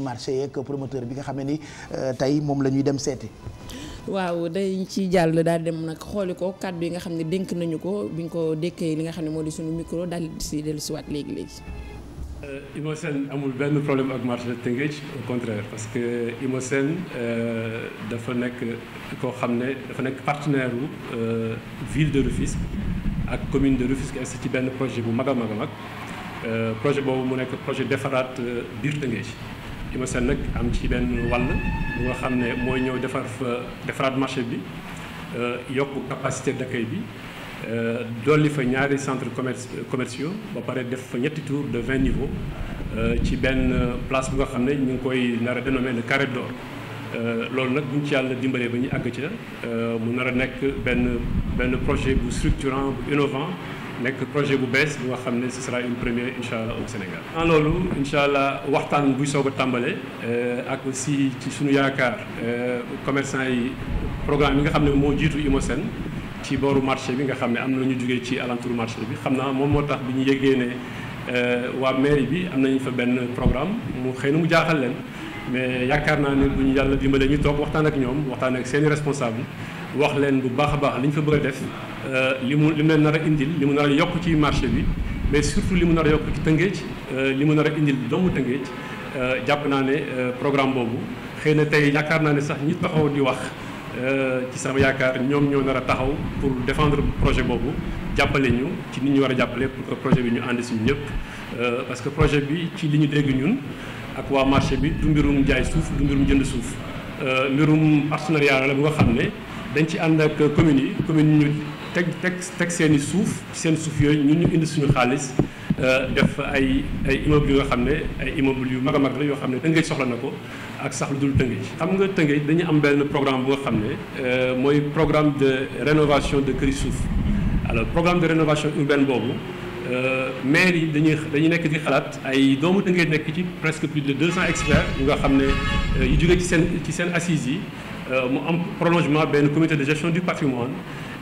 marché yeeg promoteur bi nga xam ne ni euh, tey moom la ñuy dem seeti. waaw dañ ci jàll daal dem nag xooli ko kàddu yi nga xam ne dénk nañu ko bi ñu ko dékkee li nga xam ne moo di suñu micro daal di si dellusiwaat léegi léegi. Euh, Imosène amul benn problème ak marché Tëngéej au contraire parce que Imosène euh, dafa nekk koo xam ne dafa nekk partenaire u ville de Rufisque ak commune de Rufisque est ci benn projet bu mag a mag mag projet boobu mu nekk projet defaraat biir Tëngéej. ima seen nag am ci benn wàll bu nga xam ne mooy ñëw defar fa defaraat marché bi euh, yokk capacité d'accueil bi euh, dolli fa ñaari centre commerce commerciaux ba pare def fa ñetti tour de vingt niveaux euh, ci benn place bu nga xam ne ñu ngi koy nar a dénommé le carré d'or loolu nag buñ ci yàlla dimbalee ba ñu àgg ca mu nar a nekk benn benn projet bu structurant bu innovant nekk projet bu bees bu nga xam ne ce sera une première incha allah au Sénégal. en loolu incha allah waxtaan buy soog a tàmbale euh, ak aussi ci suñu yaakaar euh, commerçant yi programme yi nga xam ne moo jiitu Imosène ci booru marché bi nga xam ne am na ñu jógee ci alentour marché bi xam naa moom moo tax bi ñu yégee ne euh, waa mairie bi am nañu fa benn programme mu xëy na mu jaaxal leen mais yaakaar naa ni bu ñu yàlla dimbale ñu toog waxtaan ak ñoom waxtaan ak seeni responsable wax leen bu baax a baax li ñu fa bëgg a def euh, li mu li leen nar a indil li mu nar a yokk ci marché bi mais surtout li mu nar a yokk ci Tëngéej euh, li mu nar a indil doomu Tëngéej euh, jàpp naa ne programme boobu xëy na tey yaakaar naa ne sax ñi taxaw di wax ci sama yaakaar ñoom ñoo nar a taxaw pour défendre projet boobu jàppale ñu ci nit ñu war a jàppale pour que projet bi ñu ànd si ñëpp parce que projet bi ci li ñu dégg ñun ak waa marché bi du mbirum jaay suuf du mbirum jënd suuf mbirum partenariat la bu nga xam ne dañ ci ànd ak communes yi communes yi ñu teg teg teg seen i suuf seen suuf yooyu ñun ñu indi suñu xaalis euh, def ay ay immeuble yoo xam ne ay immeuble yu mag a mag la yoo xam ne Tëngéej soxla na ko ak sax lu dul Tëngéej xam nga Tëngéej dañu am benn programme bu nga xam ne euh, mooy programme de rénovation de këri suuf alors programme de rénovation urbaine boobu euh, maire yi dañuy dañuy nekk di xalaat ay doomu Tëngéej nekk ci presque plus de 200 experts yu nga xam ne yu jógee ci seen ci seen assises yi Euh, mu am prolongement benn comité de gestion du patrimoine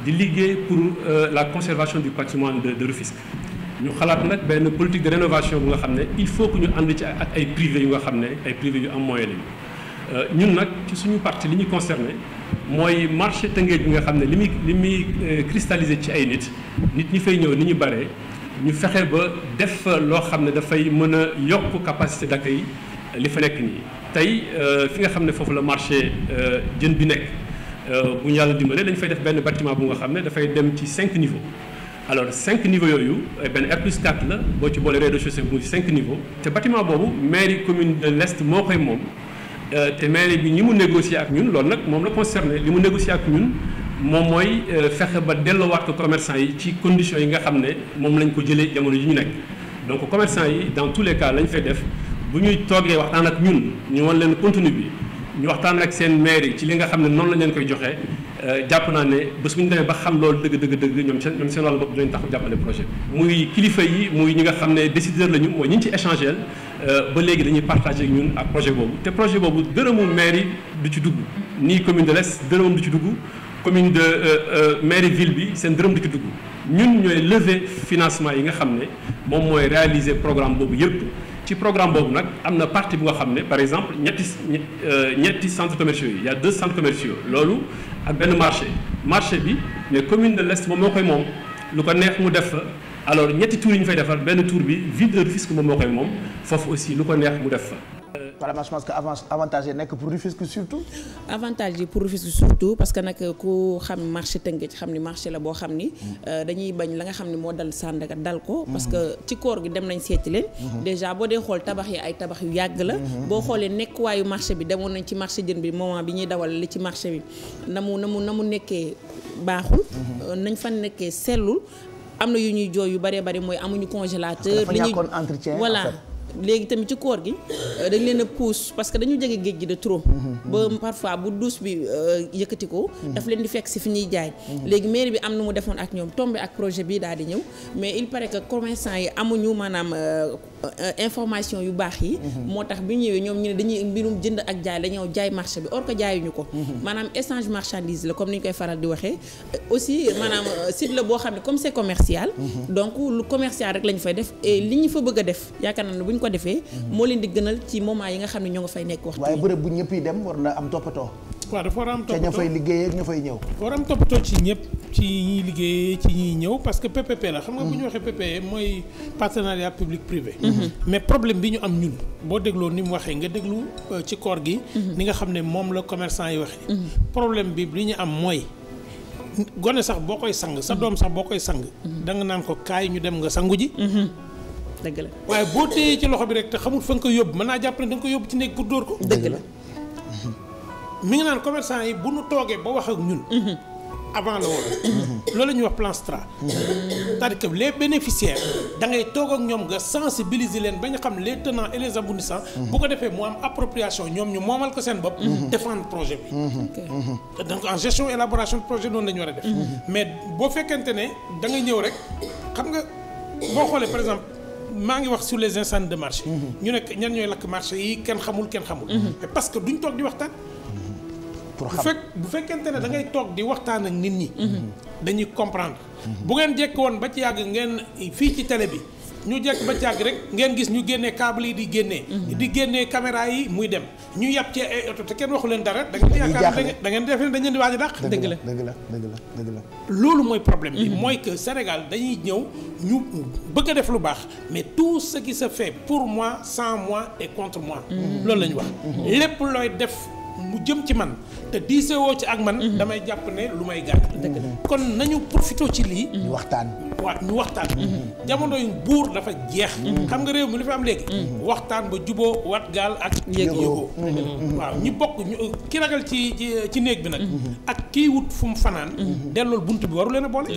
di liggéey pour euh, la conservation du patrimoine de de Rufisque ñu xalaat nag benn politique de rénovation bu nga xam ne il faut que ñu ànd ci ak ay privé yu nga xam ne ay privé yu am moyen lañu euh, ñun nag ci suñu parti li ñu concerné mooy marché Tëngéej bi nga xam ne li muy li muy cristalliser ci ay nit nit ñi fay ñëw ni ñu bare ñu fexee ba def loo xam ne dafay mën a yokk capacité d'accueil li fa nekk nii. tey euh, fi nga xam ne foofu la marché euh, jën bi nekk euh, bu ñu yàlla dimbalee dañu fay def benn batiment bu nga xam ne dafay dem ci cinq niveaux alors cinq niveaux yooyu benn R plus 4 la boo ci boole rez-de-chaussée bu muy cinq niveaux te bâtiment boobu mairie commune de l'Est moo koy moom te mairie bi ñi mu négocier ak ñun loolu nag moom la concerné li mu négocier ak ñun moom mooy fexe ba delloowaat ko commerçant yi ci conditions yi nga xam ne moom lañ ko jëlee jamono yi ñu nekk donc commerçant yi dans tous les cas lañ fay def bu ñuy toogee waxtaan ak ñun ñu wan leen contenu bi ñu waxtaan ak seen maire yi ci li nga xam ne noonu lañ leen koy joxee euh, jàpp naa ne bés bu ñu demee ba xam loolu dëgg dëgg dëgg ñoom seen ñoom seen wàllu bopp dinañ tax jàppale projet bi. muy kilifa yi muy ñi nga xam ne décideur lañu mooy ñi ñu ci échangé euh, ba léegi dañuy partagé ñun ak projet boobu te projet boobu dërëmu maire yi du ci dugg nii commune de l'Est dërëmam du ci dugg. commune de euh, mairie ville bi seen dërëm di ci dugg ñun ñooy lever financement yi nga xam ne moom mooy réaliser programme boobu yëpp ci programme boobu nag am na partie bu nga xam ne par exemple ñetti ñetti centres commerciaux yi y a deux centres commerciaux loolu ak benn marché marché bi mais commune de l'Est moom moo koy moom lu ko neex mu def fa alors ñetti tour yi ñu fay defar benn tour bi ville de Rufisque moom moo koy moom foofu aussi lu ko neex mu def fa vraiment je pense que avantage yi nekk pour Rufisque surtout. avantage yi pour Rufisque surtout parce que nag ku xam marché Tëngéej xam ni marché la boo xam ni. Mm. Euh, dañuy bañ la nga xam ni moo dal Sandaga dal ko. parce mm. que ci koor gi dem nañ seeti leen. Mm-hmm. déjà boo dee xool tabax yi ay tabax yu yàgg la. Mm-hmm. boo xoolee nekk waayu marché bi demoon nañ ci marché jën bi moment bi ñuy dawal li ci marché bi na mu na mu na mu nekkee baaxul. Mm-hmm. Euh, nañ fa nekkee sellul am na yu ñuy jooy yu bare bëri mooy amuñu congélateur. dafa ñàkkoon entretien voilà. léegi tamit ci koor gi euh, dañ leen a pousse parce que dañu jege géej gi de trop. Mm-hmm. ba parfois bu douche bi euh, yëkkati ko. Mm-hmm. daf leen di fekk si fi ñuy jaay. Mm-hmm. léegi mairie bi am na mu defoon ak ñoom tombé ak projet bi daal di ñëw mais il paraît que commerçant yi amuñu maanaam euh, information yu baax yi. moo tax bi ñëwee ñoom ñu ne dañuy jënd ak jaay dañoo jaay marché bi or que jaayuñu ko. maanaam échange la comme ni ñu koy faral di waxee. aussi maanaam site boo xam ne comme c'est commercial. donc lu commercial rek lañu fay def li ñu fa bëgg a def yaakaar naa ne buñ ko ko defee mhm. moo leen di gënal ci moment yi nga xam ne ñoo nga fay nekk waxtu waaye bërëb bu ñëpp yi dem war na fay liggéey ak ña fay ñëw war a am toppatoo ci ñëpp ci ñiy liggéey ci ñiy ñëw parce que PPP la xam nga bu ñu waxee PPP mooy partenariat public privé mhm. Mhm. mais problème bi ñu am ñun boo dégloo ni mu waxee nga déglu euh, ci koor gi ni nga xam ne moom la commerçant yi waxee problème bi li ñu am mooy gone sax boo koy sang sa doom sax boo koy sang da naan ko kaay ñu dem nga dëgg la waaye boo téyee ci loxo bi rek te xamul fa nga ko yóbbu mën naa jàpp ne da ko yóbbu ci néeg pour dóor ko. dëgg la mi ngi naan commerçant yi bu nu toogee ba wax ak ñun. avant la woon. loolu la ñuy wax plan Stra. cest à que les bénéficiaires da ngay toog ak ñoom nga sensibiliser leen ba ñu xam les tenants et les aboutissants. bu ko defee mu am appropriation ñoom ñu moomal ko seen bopp. défendre projet bi. donc en gestion élaboration de projet noonu la ñu war a def. Mhm. mais fekkente ne da ñëw rek xam nga boo xoolee par exemple. maa ngi wax sur les incendies de marché. Mhm. ñu ne ñan ñooy lakk marché yi kenn xamul kenn xamul. mais mhm. parce que duñ toog di waxtaan. pour xam bu fekkente ne da ngay toog di waxtaan ak nit ñi. Mhm. dañuy comprendre. bu ngeen jekk woon ba ci yàgg ngeen fii ci télé bi. ñu jekk ba càgg rek ngeen gis ñu génnee câble yi di génnee mhm. di génnee caméra yi muy dem ñu yàpp ci ay oto te kenn waxu leen dara da ngeen yaakaar da ngeen def dañ leen di waaj a dàq dëgg la dëgg la dëgg la loolu mooy problème bi mhm. mooy que Sénégal dañuy ñëw ñu bëgg a def lu baax mais tout ce qui se fait pour mois sans mois et contre moi mhm. loolu la ñu wax lépp looy def mu jëm ci man te diisewoo ci ak man damay jàpp ne lu may gàtt kon nañu profité ci lii waxtaan waat ñu waxtaan jamono yu buur dafa jeex xam nga réew mi li fi am léegi waxtaan ba juboo wat gaal ak yéeg yógoo waaw ñu bokk ñu ki ragal ci ci néeg bi nag ak kii wut fu mu fanaan dellool bunt bi waru leen a boole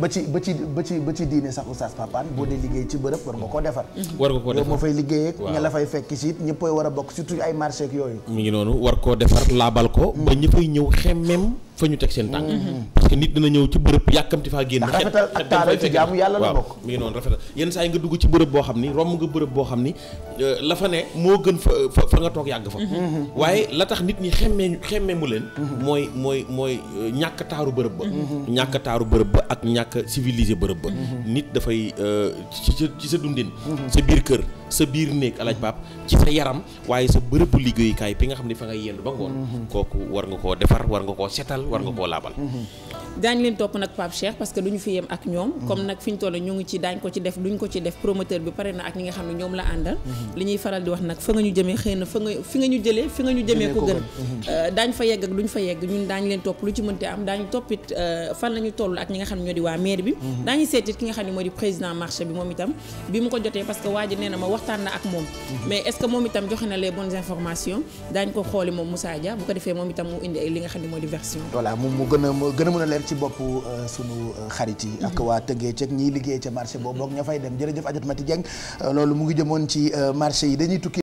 ba ci ba ci ba ci ba ci diine sax oustaz Papane boo dee liggéey ci bërëb war nga ko defar war nga koo defar yow ma fay liggéeyee ña fay fekk si it war a bokk surtout ay marché ak yooyu mu ngi noonu war koo defar laabal ko ba ñëppay ñëw xemmem fa ñu teg seen tànk. Mm-hmm. parce nit dina ñëw ci bërëb yàkkamti faa génn. xet xet dem fay fekk waaw mi ngi noonu rafetal yenn saa yi nga dugg ci bërëb boo xam ni romb nga bërëb boo xam ni Euh, la fa ne moo gën fa euh, fa nga toog yàgg fa mhm. Mhm. waaye la tax nit ñi xemmee xemmee mu leen mhm. mooy mooy mooy euh, ñàkk taaru bërëb ba ñàkk taaru bërëb ba ak ñàkk civilisé bërëb ba nit dafay ci sa ci sa dundin biir kër sa biir néeg alaaj baab ci sa yaram waaye sa bërëbu liggéeyukaay bi nga xam ne fa ngay yendu ba ngoon kooku war nga koo defar war nga koo setal war nga koo laabal daañ leen topp nag Pape Cheikh parce que duñu fi yem ak ñoom comme nag ko ci def duñ ko ci def promoteur bi pare na nga xam ne ñoom la àndal li ñuy faral di wax nag fa nga ñu jëmee xëy na fa nga ñu jëlee fi nga ñu jëmee ko gën mhm. euh, daañ fa yegg ak duñ fa yegg ñun daañ leen topp lu ci mënte am daañu toppit euh, fan la ñu ak ñi nga xam ne moom itam joxe na les bonnes informations daañ ko xooli moom Moussa bu ko defee moom itam mu indi li nga xam ne moo di version voilà mu gën a gën a mën a leer ci bopp euh, sunu xarit yi ak mhm. waa tëggee ceeg ñiy liggéey ca marché boobu ña fay dem jërëjëf Adjot Mati Dieng loolu mu marché yi dañuy tukki